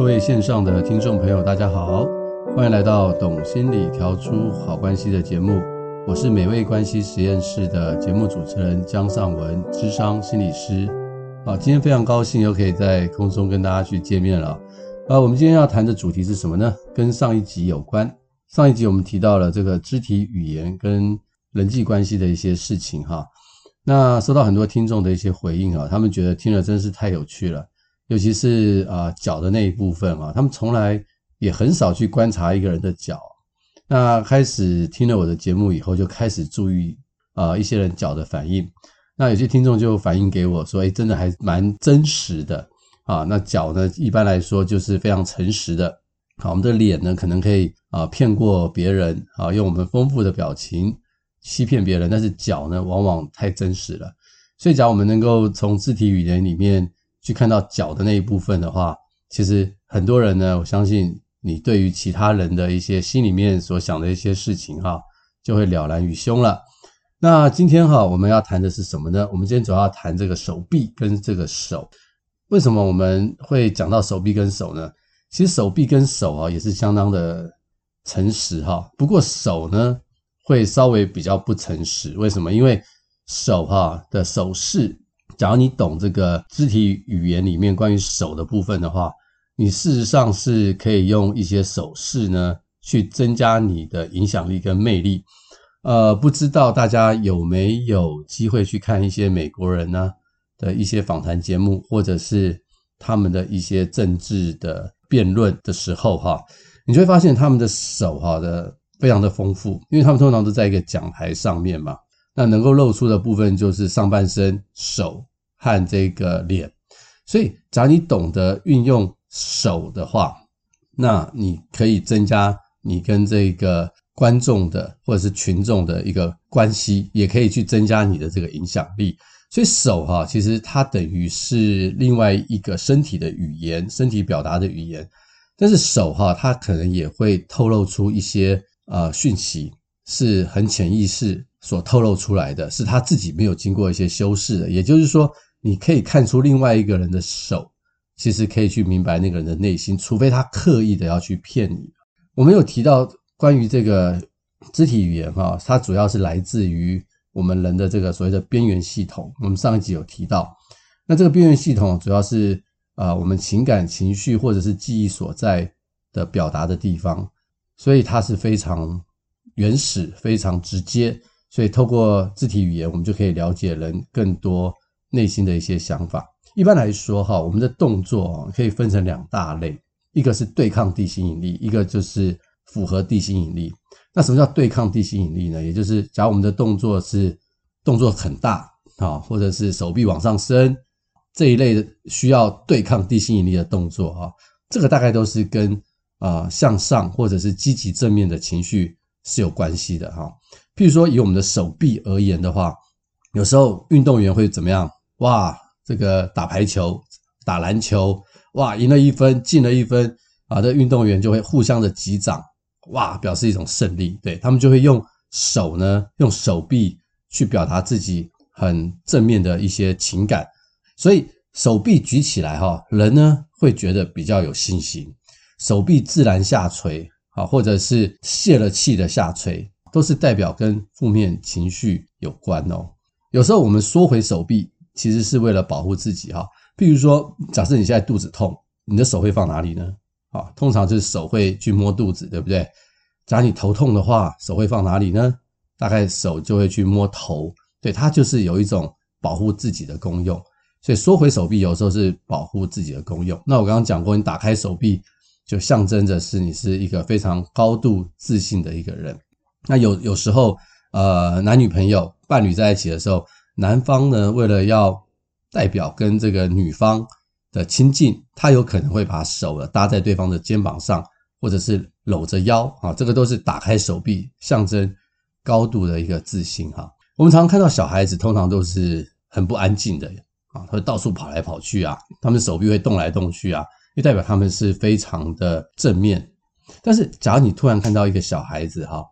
各位線上的聽眾朋友，大家好，歡迎來到《懂心理調出好關係》的節目，我是美味關係實驗室的節目主持人姜尚文，諮商心理師。好，今天非常高興又可以在空中跟大家去見面了。啊，我們今天要談的主題是什麼呢？跟上一集有關，上一集我們提到了這個肢體語言跟人際關係的一些事情哈。那收到很多聽眾的一些回應啊，他們覺得聽了真是太有趣了。尤其是啊腳、呃、的那一部分啊，他們從來也很少去觀察一個人的腳。那開始聽了我的節目以後，就開始注意啊、呃、一些人腳的反應。那有些聽眾就反映給我說：“哎、欸，真的還蠻真實的啊。”那腳呢，一般來說就是非常誠實的。好，我們的臉呢，可能可以啊騙、呃、過別人啊，用我們豐富的表情欺騙別人。但是腳呢，往往太真實了。所以，只要我們能夠從肢體語言裡面。去看到腳的那一部分的話，其實很多人呢，我相信你對於其他人的一些心裡面所想的一些事情哈，就會了然於胸了。那今天哈，我們要談的是什麼呢？我們今天主要要談這個手臂跟這個手。為什麼我們會講到手臂跟手呢？其實手臂跟手啊，也是相當的誠實哈。不過手呢，會稍微比較不誠實。為什麼？因為手哈的手勢。只要你懂這個肢體語言裡面關於手的部分的話，你事實上是可以用一些手勢呢，去增加你的影響力跟魅力。呃，不知道大家有沒有機會去看一些美國人呢的一些訪談節目，或者是他們的一些政治的辯論的時候，哈，你就會發現他們的手哈的非常的豐富，因為他們通常都在一個講台上面嘛，那能夠露出的部分就是上半身手。和這個臉，所以，只要你懂得運用手的話，那你可以增加你跟這個觀眾的或者是群眾的一個關係，也可以去增加你的這個影響力。所以，手哈、啊，其實它等於是另外一個身體的語言，身體表達的語言。但是，手哈、啊，它可能也會透露出一些呃訊息，是很潛意識所透露出來的，是他自己沒有經過一些修飾的，也就是說。你可以看出另外一個人的手，其實可以去明白那個人的內心，除非他刻意的要去騙你。我們有提到關於這個肢體語言哈，它主要是來自於我們人的這個所謂的邊緣系統。我們上一集有提到，那這個邊緣系統主要是啊、呃，我們情感情緒或者是記憶所在的表達的地方，所以它是非常原始、非常直接。所以透過肢體語言，我們就可以了解人更多。內心的一些想法，一般來說哈，我們的動作可以分成兩大類，一個是對抗地心引力，一個就是符合地心引力。那什麼叫對抗地心引力呢？也就是，假如我們的動作是動作很大啊，或者是手臂往上伸這一類的需要對抗地心引力的動作啊，這個大概都是跟啊向上或者是積極正面的情緒是有關係的哈。譬如說，以我們的手臂而言的話，有時候運動員會怎麼樣？哇，這個打排球、打籃球，哇，贏了一分、進了一分啊！這運動員就會互相的擊掌，哇，表示一種勝利。對，他們就會用手呢，用手臂去表達自己很正面的一些情感。所以手臂舉起來哈，人呢會覺得比較有信心；手臂自然下垂啊，或者是洩了氣的下垂，都是代表跟負面情緒有關哦。有時候我們縮回手臂。其實是為了保護自己哈，譬如說，假設你現在肚子痛，你的手會放哪裡呢？啊，通常就是手會去摸肚子，對不對？假如你頭痛的話，手會放哪裡呢？大概手就會去摸頭，對，它就是有一種保護自己的功用。所以縮回手臂有時候是保護自己的功用。那我剛剛講過，你打開手臂就象徵着是你是一個非常高度自信的一個人。那有有時候，呃，男女朋友、伴侶在一起的時候。男方呢，為了要代表跟這個女方的親近，他有可能會把手搭在對方的肩膀上，或者是摟着腰啊，這個都是打開手臂，象徵高度的一個自信哈。我們常常看到小孩子，通常都是很不安靜的啊，他會到處跑來跑去啊，他們手臂會動來動去啊，就代表他們是非常的正面。但是，假如你突然看到一個小孩子哈，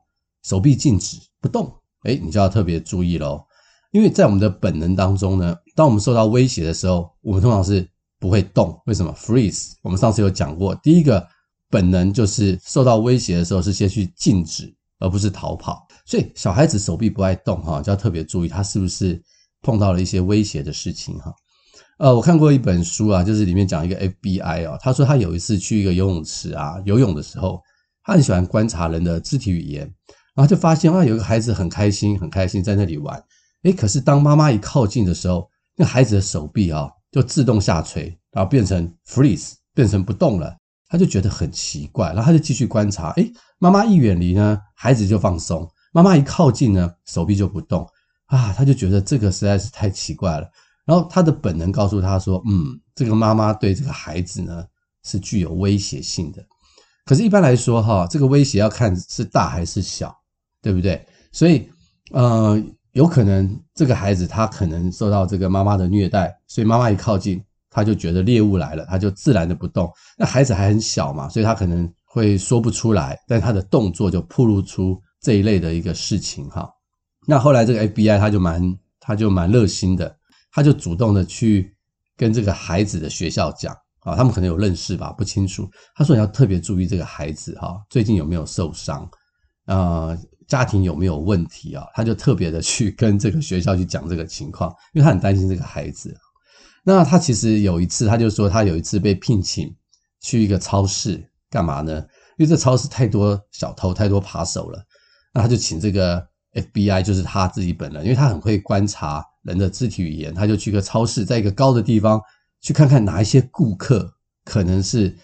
手臂靜止不動，哎，你就要特別注意咯。因為在我們的本能當中呢，當我們受到威脅的時候，我們通常是不會動。為什麼？freeze。我們上次有講過，第一個本能就是受到威脅的時候是先去靜止，而不是逃跑。所以小孩子手臂不愛動哈，就要特別注意他是不是碰到了一些威脅的事情哈。呃，我看過一本書啊，就是裡面講一個 FBI 哦，他說他有一次去一個游泳池啊游泳的時候，他很喜歡觀察人的肢體語言，然後就發現啊，有個孩子很開心，很開心在那裡玩。哎，可是當媽媽一靠近的時候，那孩子的手臂啊，就自動下垂，然後變成 freeze，變成不動了。他就覺得很奇怪，然後他就繼續觀察。哎，媽媽一遠離呢，孩子就放鬆；媽媽一靠近呢，手臂就不動。啊，他就覺得這個實在是太奇怪了。然後他的本能告訴他說：“嗯，這個媽媽對這個孩子呢是具有威脅性的。”可是，一般來說，哈，這個威脅要看是大還是小，對不對？所以，嗯。有可能這個孩子他可能受到這個媽媽的虐待，所以媽媽一靠近，他就覺得獵物來了，他就自然的不動。那孩子還很小嘛，所以他可能會說不出來，但他的動作就透露出這一類的一個事情哈。那後來這個 FBI 他就蠻他就蠻熱心的，他就主動的去跟這個孩子的學校講啊，他們可能有認識吧，不清楚。他說你要特別注意這個孩子哈，最近有沒有受傷啊、呃？家庭有沒有問題啊？他就特別的去跟這個學校去講這個情況，因為他很擔心這個孩子。那他其實有一次，他就說他有一次被聘請去一個超市，幹嘛呢？因為這超市太多小偷、太多扒手了。那他就請這個 FBI，就是他自己本人，因為他很會觀察人的肢體語言。他就去一個超市，在一個高的地方去看看哪一些顧客可能是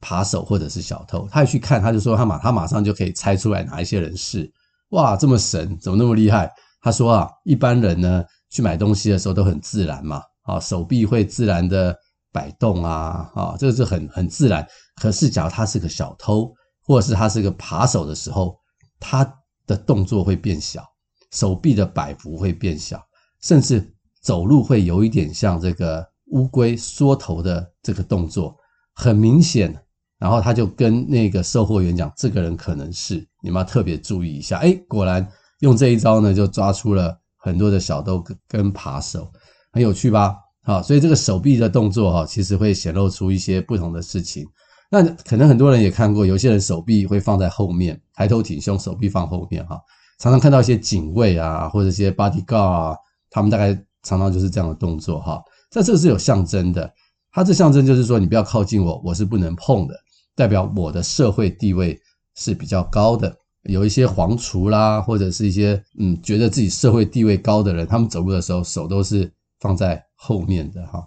扒手或者是小偷。他一去看，他就說他馬他馬上就可以猜出來哪一些人是。哇，這麼神，怎麼那麼厲害？他說啊，一般人呢去買東西的時候都很自然嘛，啊，手臂會自然的擺動啊，啊，這個是很很自然。可是，假如他是個小偷，或者是他是個扒手的時候，他的動作會變小，手臂的擺幅會變小，甚至走路會有一點像這個烏龜縮頭的這個動作，很明顯。然後他就跟那個售貨員講：“這個人可能是，你們要特別注意一下。”哎，果然用這一招呢，就抓出了很多的小偷跟跟扒手，很有趣吧？好，所以這個手臂的動作哈，其實會顯露出一些不同的事情。那可能很多人也看過，有些人手臂會放在後面，抬頭挺胸，手臂放後面哈。常常看到一些警衛啊，或者一些 Bodyguard 啊，他們大概常常就是這樣的動作哈。但這個是有象徵的，它這象徵就是說，你不要靠近我，我是不能碰的。代表我的社會地位是比較高的，有一些皇族啦，或者是一些嗯，覺得自己社會地位高的人，他們走路的時候手都是放在後面的哈。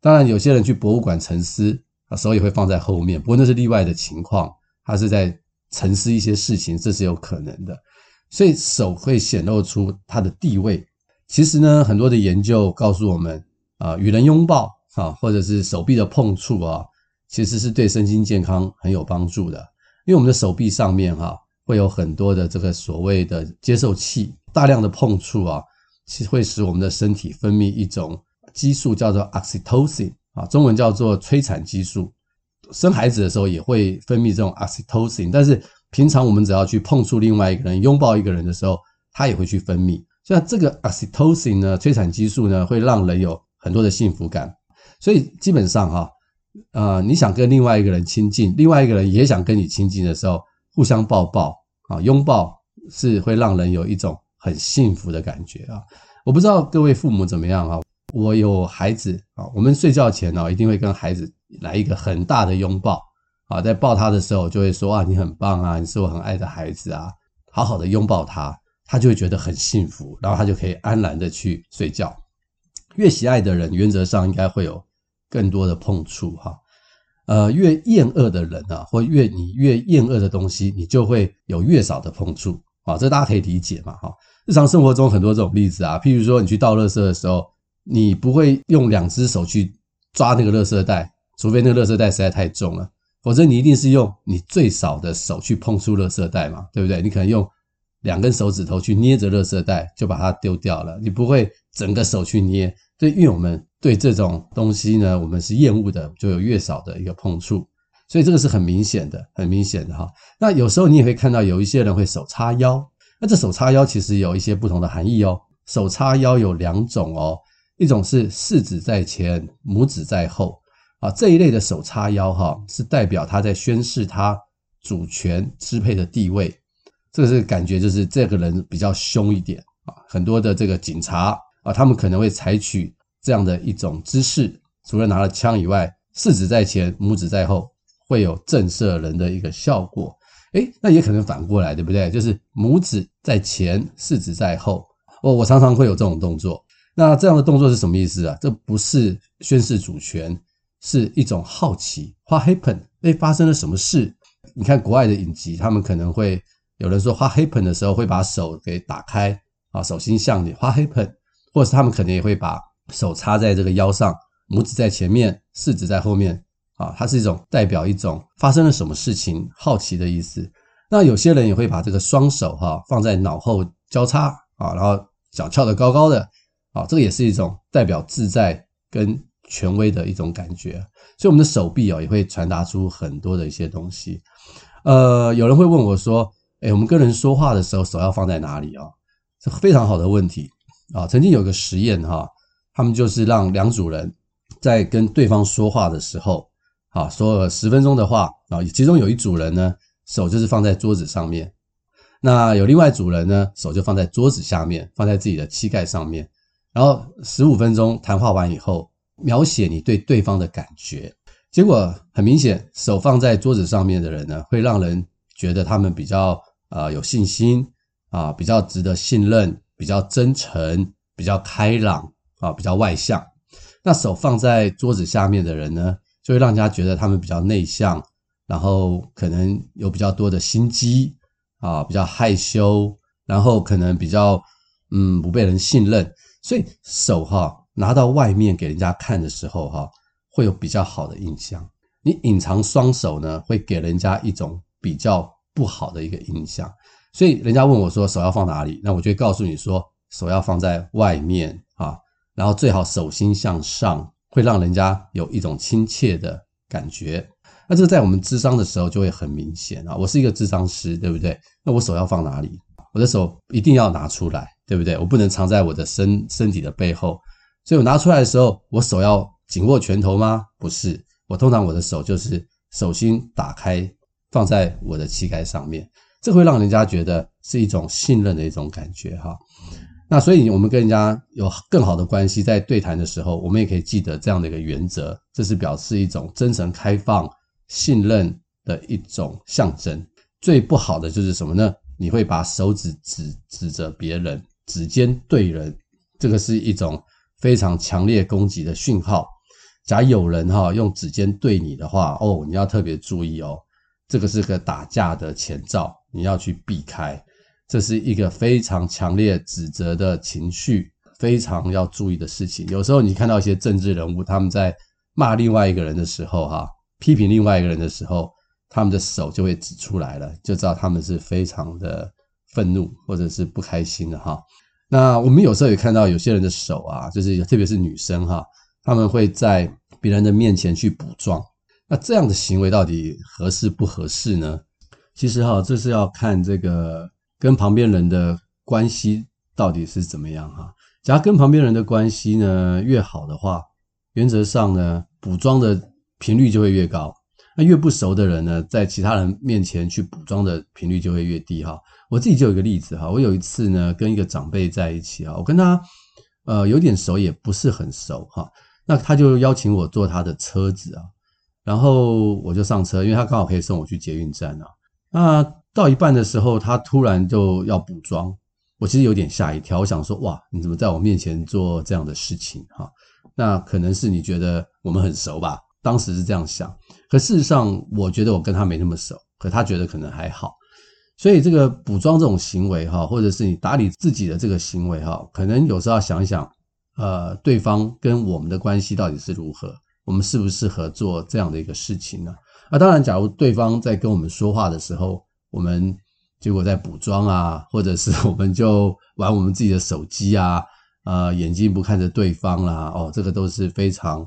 當然，有些人去博物館沉思啊，手也會放在後面，不過那是例外的情況，他是在沉思一些事情，這是有可能的。所以手會顯露出他的地位。其實呢，很多的研究告訴我們啊、呃，與人擁抱啊，或者是手臂的碰觸啊、哦。其實是對身心健康很有幫助的，因為我們的手臂上面哈、啊、會有很多的這個所謂的接受器，大量的碰觸啊，其實會使我們的身體分泌一種激素，叫做 oxytocin 啊，中文叫做催產激素。生孩子的時候也會分泌這種 oxytocin，但是平常我們只要去碰觸另外一個人、擁抱一個人的時候，它也會去分泌。所以這個 oxytocin 呢，催產激素呢，會讓人有很多的幸福感，所以基本上哈、啊。呃，你想跟另外一個人親近，另外一個人也想跟你親近的時候，互相抱抱啊，擁抱是會讓人有一種很幸福的感覺啊。我不知道各位父母怎麼樣啊，我有孩子啊，我們睡覺前呢，啊，一定會跟孩子來一個很大的擁抱啊，在抱他的時候，就會說啊，你很棒啊，你是我很愛的孩子啊，好好的擁抱他，他就會覺得很幸福，然後他就可以安然的去睡覺。越喜愛的人，原則上應該會有。更多的碰觸哈，呃，越厭惡的人啊，或越你越厭惡的東西，你就會有越少的碰觸啊，這大家可以理解嘛哈。日常生活中很多這種例子啊，譬如說你去倒垃圾的時候，你不會用兩隻手去抓那個垃圾袋，除非那個垃圾袋實在太重了，否則你一定是用你最少的手去碰觸垃圾袋嘛，對不對？你可能用兩根手指頭去捏着垃圾袋就把它丢掉了，你不會整個手去捏。所以因為我們。對這種東西呢，我們是厭惡的，就有越少的一個碰觸，所以這個是很明顯的，很明顯的哈、哦。那有時候你也會看到有一些人會手插腰，那這手插腰其實有一些不同的含義哦。手插腰有兩種哦，一種是四指在前，拇指在後，啊這一類的手插腰哈、哦，是代表他在宣示他主權支配的地位，這個是感覺就是這個人比較凶一點啊。很多的這個警察啊，他們可能會採取。這樣的一種姿勢，除了拿了槍以外，四指在前，拇指在後，會有震懾人的一個效果。誒，那也可能反過來，對不對？就是拇指在前，四指在後。哦，我常常會有這種動作。那這樣的動作是什麼意思啊？這不是宣示主權，是一種好奇。what happen，誒，發生了什麼事？你看國外的影集，他們可能會有人說，what happen 的時候會把手給打開啊，手心向裡 what happen，或者是他們可能也會把。手插在這個腰上，拇指在前面，四指在後面啊、哦，它，是一種代表一種發生了什麼事情好奇的意思。那有些人也會把這個雙手哈、哦、放在腦後交叉啊、哦，然後腳翹得高高的啊、哦，這個也是一種代表自在跟權威的一種感覺。所以我們的手臂啊、哦、也會傳達出很多的一些東西。呃，有人會問我說：“哎，我們跟人說話的時候手要放在哪裡啊、哦？”這非常好的問題啊、哦。曾經有個實驗哈、哦。他們就是讓兩組人在跟對方說話的時候，啊，說十分鐘的話啊，其中有一組人呢，手就是放在桌子上面，那有另外一組人呢，手就放在桌子下面，放在自己的膝蓋上面。然後十五分鐘談話完以後，描寫你對對方的感覺。結果很明顯，手放在桌子上面的人呢，會讓人覺得他們比較啊、呃、有信心啊、呃，比較值得信任，比較真誠，比較開朗。啊，比較外向。那手放在桌子下面的人呢，就會讓人家覺得他們比較內向，然後可能有比較多的心機啊，比較害羞，然後可能比較嗯不被人信任。所以手哈，啊，拿到外面給人家看的時候哈，啊，會有比較好的印象。你隱藏雙手呢，會給人家一種比較不好的一個印象。所以人家問我說手要放哪裡？那我就會告訴你說手要放在外面。然後最好手心向上，會讓人家有一種親切的感覺。那這個在我們諮商的時候就會很明顯啊。我是一個諮商師，對不對？那我手要放哪裡？我的手一定要拿出來，對不對？我不能藏在我的身身體的背後。所以我拿出來的時候，我手要緊握拳頭嗎？不是，我通常我的手就是手心打開，放在我的膝蓋上面。這會讓人家覺得是一種信任的一種感覺，哈。那所以，我們跟人家有更好的關係，在對談的時候，我們也可以記得這樣的一個原則，這是表示一種真誠、開放、信任的一種象徵。最不好的就是什麼呢？你會把手指指指着別人，指尖對人，這個是一種非常強烈攻擊的訊號。假如有人哈用指尖對你的話，哦，你要特別注意哦，這個是個打架的前兆，你要去避開。這是一個非常強烈指責的情緒，非常要注意的事情。有時候你看到一些政治人物他們在罵另外一個人的時候，哈，批評另外一個人的時候，他們的手就會指出來了，就知道他們是非常的憤怒或者是不開心的，哈。那我們有時候也看到有些人的手啊，就是特別是女生哈，他們會在別人的面前去補妝，那這樣的行為到底合適不合適呢？其實哈，這是要看這個。跟旁邊人的關係到底是怎麼樣哈？假如跟旁邊人的關係呢越好的話，原則上呢補妝的頻率就會越高。那越不熟的人呢，在其他人面前去補妝的頻率就會越低哈。我自己就有一個例子哈，我有一次呢跟一個長輩在一起哈，我跟他呃有點熟也不是很熟哈，那他就邀請我坐他的車子啊，然後我就上車，因為他剛好可以送我去捷運站啊，那。到一半的時候，他突然就要補妝，我其實有點嚇一跳，我想說哇，你怎麼在我面前做這樣的事情哈？那可能是你覺得我們很熟吧？當時是這樣想，可事實上，我覺得我跟他沒那麼熟，可他覺得可能還好。所以這個補妝這種行為哈，或者是你打理自己的這個行為哈，可能有時候要想一想，呃，對方跟我們的關係到底是如何，我們適不適合做這樣的一個事情呢？啊，當然，假如對方在跟我們說話的時候。我們結果在補妝啊，或者是我們就玩我們自己的手機啊，呃，眼睛不看着對方啦，啊，哦，這個都是非常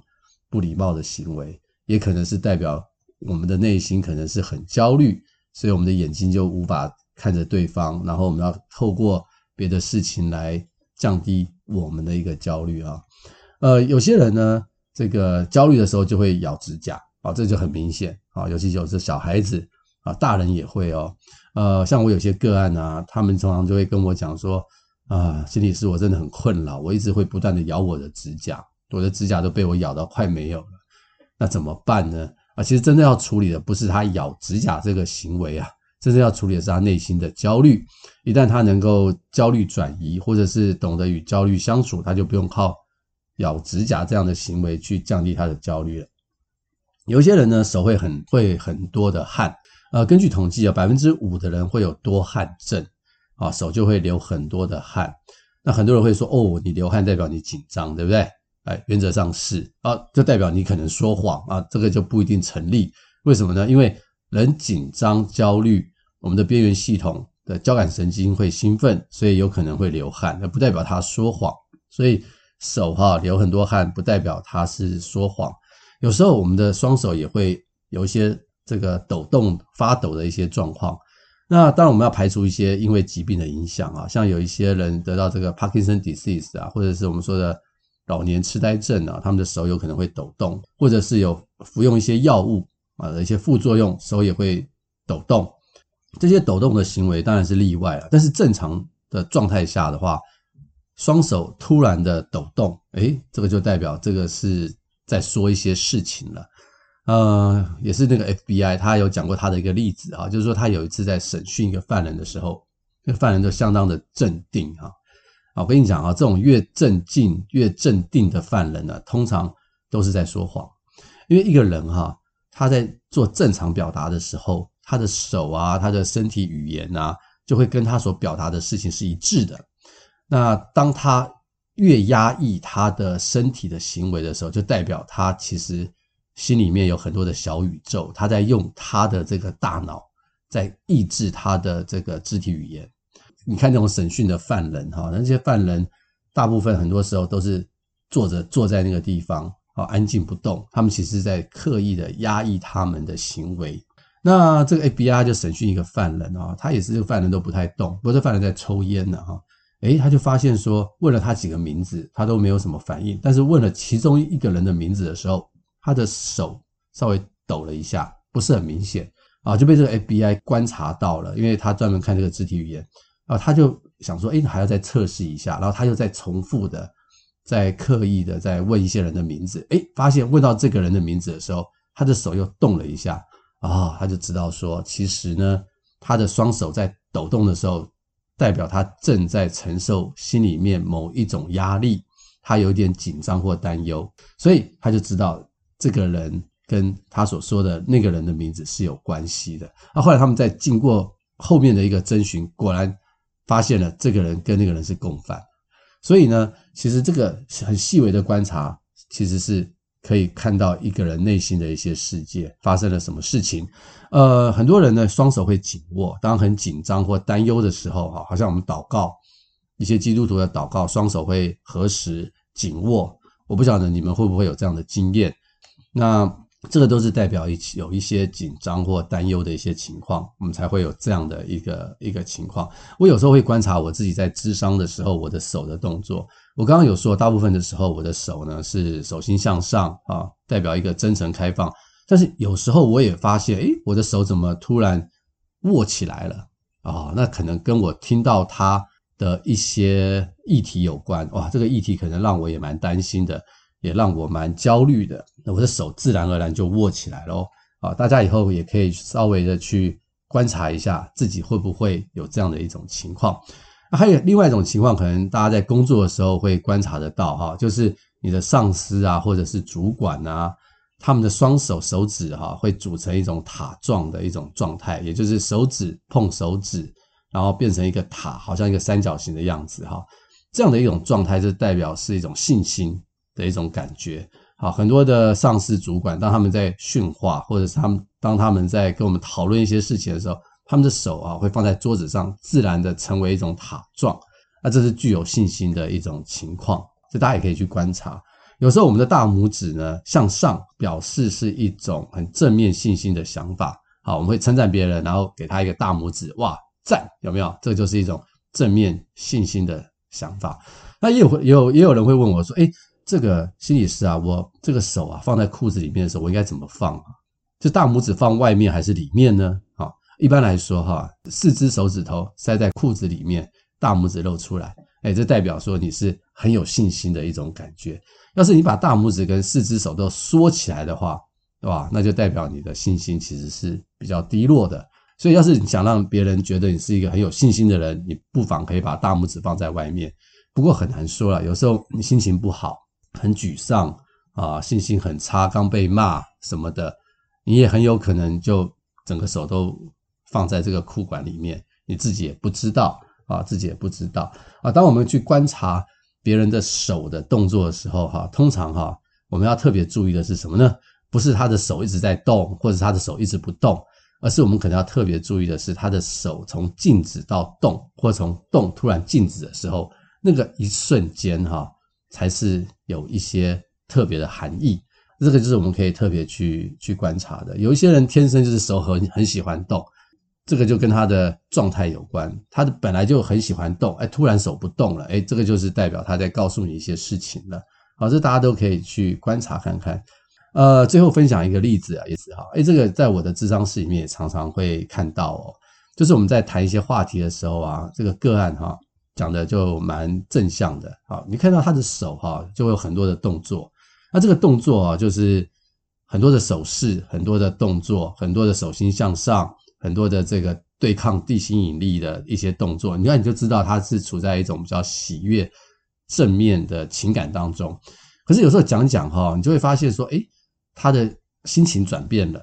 不禮貌的行為，也可能是代表我們的內心可能是很焦慮，所以我們的眼睛就無法看着對方，然後我們要透過別的事情來降低我們的一個焦慮啊，呃，有些人呢，這個焦慮的時候就會咬指甲啊，哦，這就很明顯啊，哦，尤其就是小孩子啊，大人也會哦，呃，像我有些個案啊，他們常常就會跟我講說，啊、呃，心理師，我真的很困擾，我一直會不斷的咬我的指甲，我的指甲都被我咬到快沒有了，那怎麼辦呢？啊，其實真的要處理的不是他咬指甲這個行為啊，真正要處理的是他內心的焦慮。一旦他能夠焦慮轉移，或者是懂得與焦慮相處，他就不用靠咬指甲這樣的行為去降低他的焦慮了。有些人呢，手會很會很多的汗。呃，根據統計啊，百分之五的人會有多汗症，啊，手就會流很多的汗。那很多人會說，哦，你流汗代表你緊張，對不對？哎，原則上是啊，就代表你可能說謊啊，這個就不一定成立。為什麼呢？因為人緊張、焦慮，我們的邊緣系統的交感神經會興奮，所以有可能會流汗，那不代表他說謊。所以手哈、啊、流很多汗，不代表他是說謊。有時候我們的雙手也會有一些。這個抖動、發抖的一些狀況，那當然我們要排除一些因為疾病的影響啊，像有一些人得到這個帕金森 disease 啊，或者是我們說的老年痴呆症啊，他們的手有可能會抖動，或者是有服用一些藥物啊的一些副作用，手也會抖動。這些抖動的行為當然是例外啊，但是正常的狀態下的話，雙手突然的抖動，誒，這個就代表這個是在說一些事情了。呃，也是那個 FBI，他有講過他的一個例子啊，就是說他有一次在審訊一個犯人的時候，那犯人就相當的鎮定哈、啊。我跟你講啊，這種越鎮靜、越鎮定的犯人呢、啊，通常都是在說謊，因為一個人哈、啊，他在做正常表達的時候，他的手啊、他的身體語言啊，就會跟他所表達的事情是一致的。那當他越壓抑他的身體的行為的時候，就代表他其實。心裡面有很多的小宇宙，他在用他的這個大腦在抑制他的這個肢體語言。你看這種審訊的犯人哈、哦，那些犯人大部分很多時候都是坐着坐在那個地方，好、哦、安靜不動。他們其實在刻意的壓抑他們的行為。那這個 FBI 就審訊一個犯人啊、哦，他也是這個犯人都不太動，不過這犯人在抽菸呢、啊、哈。誒，他就發現說問了他幾個名字，他都沒有什麼反應，但是問了其中一個人的名字的時候。他的手稍微抖了一下，不是很明顯啊，就被這個 FBI 觀察到了，因為他專門看這個肢體語言啊，他就想說，誒，你還要再測試一下，然後他又在重複的、在刻意的在問一些人的名字，誒，發現問到這個人的名字的時候，他的手又動了一下啊、哦，他就知道說，其實呢，他的雙手在抖動的時候，代表他正在承受心裡面某一種壓力，他有點緊張或擔憂，所以他就知道。這個人跟他所說的那個人的名字是有關係的。那後來他們在經過後面的一個偵訊，果然發現了這個人跟那個人是共犯。所以呢，其實這個很細微的觀察，其實是可以看到一個人內心的一些世界發生了什麼事情。呃，很多人呢雙手會緊握，當很緊張或擔憂的時候，哈，好像我們禱告一些基督徒的禱告，雙手會合十緊握。我不曉得你們會不會有這樣的經驗。那這個都是代表一有一些緊張或擔憂的一些情況，我們才會有這樣的一個一個情況。我有時候會觀察我自己在諮商的時候我的手的動作。我剛剛有說，大部分的時候我的手呢是手心向上啊、哦，代表一個真誠開放。但是有時候我也發現，誒，我的手怎麼突然握起來了？啊、哦，那可能跟我聽到他的一些議題有關哇。這個議題可能讓我也蠻擔心的，也讓我蠻焦慮的。那我的手自然而然就握起來咯，啊，大家以後也可以稍微的去觀察一下，自己會不會有這樣的一種情況。還有另外一種情況，可能大家在工作的時候會觀察得到哈，就是你的上司啊，或者是主管啊，他們的雙手手指哈，會組成一種塔狀的一種狀態，也就是手指碰手指，然後變成一個塔，好像一個三角形的樣子哈。這樣的一種狀態，就代表是一種信心的一種感覺。好，很多的上司主管，當他們在訓話，或者是他們當他們在跟我們討論一些事情的時候，他們的手啊會放在桌子上，自然的成為一種塔狀，那這是具有信心的一種情況，所以大家也可以去觀察。有時候我們的大拇指呢向上，表示是一種很正面信心的想法。好，我們會稱讚別人，然後給他一個大拇指，哇，讚，有沒有？這就是一種正面信心的想法。那也有有也有人會問我說，誒。這個心理師啊，我這個手啊放在褲子裡面的時候，我應該怎麼放啊？就大拇指放外面還是裡面呢？啊，一般來說哈，四只手指頭塞在褲子裡面，大拇指露出來，哎，這代表說你是很有信心的一種感覺。要是你把大拇指跟四只手都縮起來的話，對吧？那就代表你的信心其實是比較低落的。所以要是你想讓別人覺得你是一個很有信心的人，你不妨可以把大拇指放在外面。不過很難說了，有時候你心情不好。很沮喪啊，信心很差，剛被罵什麼的，你也很有可能就整個手都放在這個褲管裡面，你自己也不知道啊，自己也不知道啊。當我們去觀察別人的手的動作的時候，哈、啊，通常哈、啊，我們要特別注意的是什麼呢？不是他的手一直在動，或者是他的手一直不動，而是我們可能要特別注意的是他的手從靜止到動，或從動突然靜止的時候，那個一瞬間哈。啊才是有一些特別的含義，這個就是我們可以特別去去觀察的。有一些人天生就是手很很喜歡動，這個就跟他的狀態有關。他本來就很喜歡動，哎、欸，突然手不動了，哎、欸，這個就是代表他在告訴你一些事情了。好，這大家都可以去觀察看看。呃，最後分享一個例子啊，也是哈，哎、欸，這個在我的諮商室裡面也常常會看到哦，就是我們在談一些話題的時候啊，這個個案哈、啊。講的就蠻正向的，啊你看到他的手哈，就會有很多的動作，那這個動作啊，就是很多的手勢，很多的動作，很多的手心向上，很多的這個對抗地心引力的一些動作，你看你就知道他是處在一種比較喜悅、正面的情感當中。可是有時候講講哈，你就會發現說，哎，他的心情轉變了。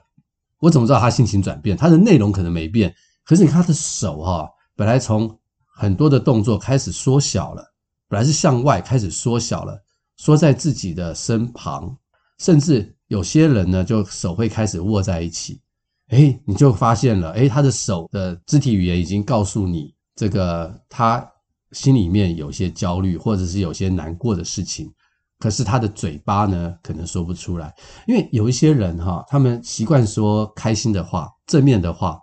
我怎麼知道他心情轉變？他的內容可能沒變，可是你看他的手哈，本來從很多的動作開始縮小了，本來是向外開始縮小了，縮在自己的身旁，甚至有些人呢，就手會開始握在一起。哎，你就發現了，哎，他的手的肢體語言已經告訴你，這個他心裡面有些焦慮，或者是有些難過的事情，可是他的嘴巴呢，可能說不出來，因為有一些人哈，他們習慣說開心的話，正面的話。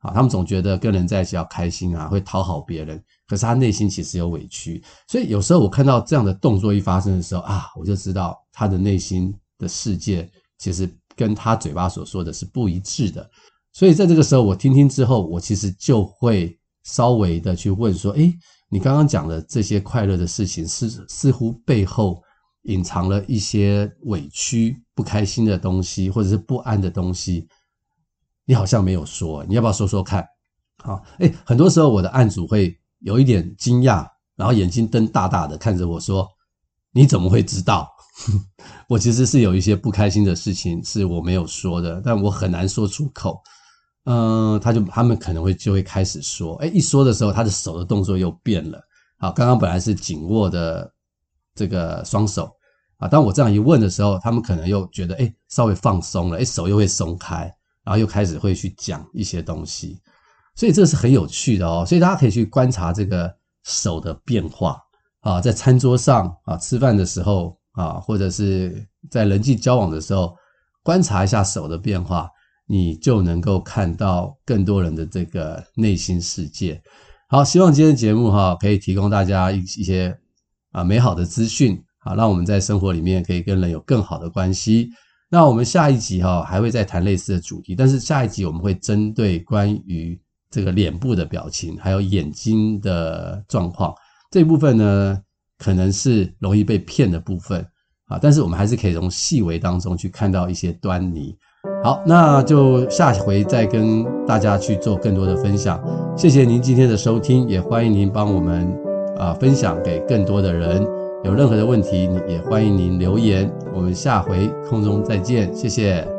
啊，他們總覺得跟人在一起要開心啊，會討好別人，可是他內心其實有委屈，所以有時候我看到這樣的動作一發生的時候啊，我就知道他的內心的世界其實跟他嘴巴所說的是不一致的，所以在這個時候我聽聽之後，我其實就會稍微的去問說，哎，你剛剛講的這些快樂的事情，是似乎背後隱藏了一些委屈、不開心的東西，或者是不安的東西。你好像沒有說，你要不要說說看？啊，哎，很多時候我的案主會有一點驚訝，然後眼睛瞪大大的看着我說：“你怎麼會知道？” 我其實是有一些不開心的事情是我沒有說的，但我很難說出口。嗯，他就他們可能會就會開始說，哎，一說的時候，他的手的動作又變了。好，剛剛本來是緊握的這個雙手啊，當我這樣一問的時候，他們可能又覺得哎，稍微放鬆了，哎，手又會鬆開。然後又開始會去講一些東西，所以這是很有趣的哦。所以大家可以去觀察這個手的變化啊，在餐桌上啊吃飯的時候啊，或者是在人際交往的時候，觀察一下手的變化，你就能夠看到更多人的這個內心世界。好，希望今天的節目哈啊可以提供大家一一些啊美好的資訊，啊，讓我們在生活裡面可以跟人有更好的關係。那我們下一集哈還會再談類似的主題，但是下一集我們會針對關於這個臉部的表情，還有眼睛的狀況，這部分呢，可能是容易被騙的部分啊。但是我們還是可以從細微當中去看到一些端倪。好，那就下回再跟大家去做更多的分享。謝謝您今天的收聽，也歡迎您幫我們啊分享給更多的人。有任何的問題，也歡迎您留言。我們下回空中再見，謝謝。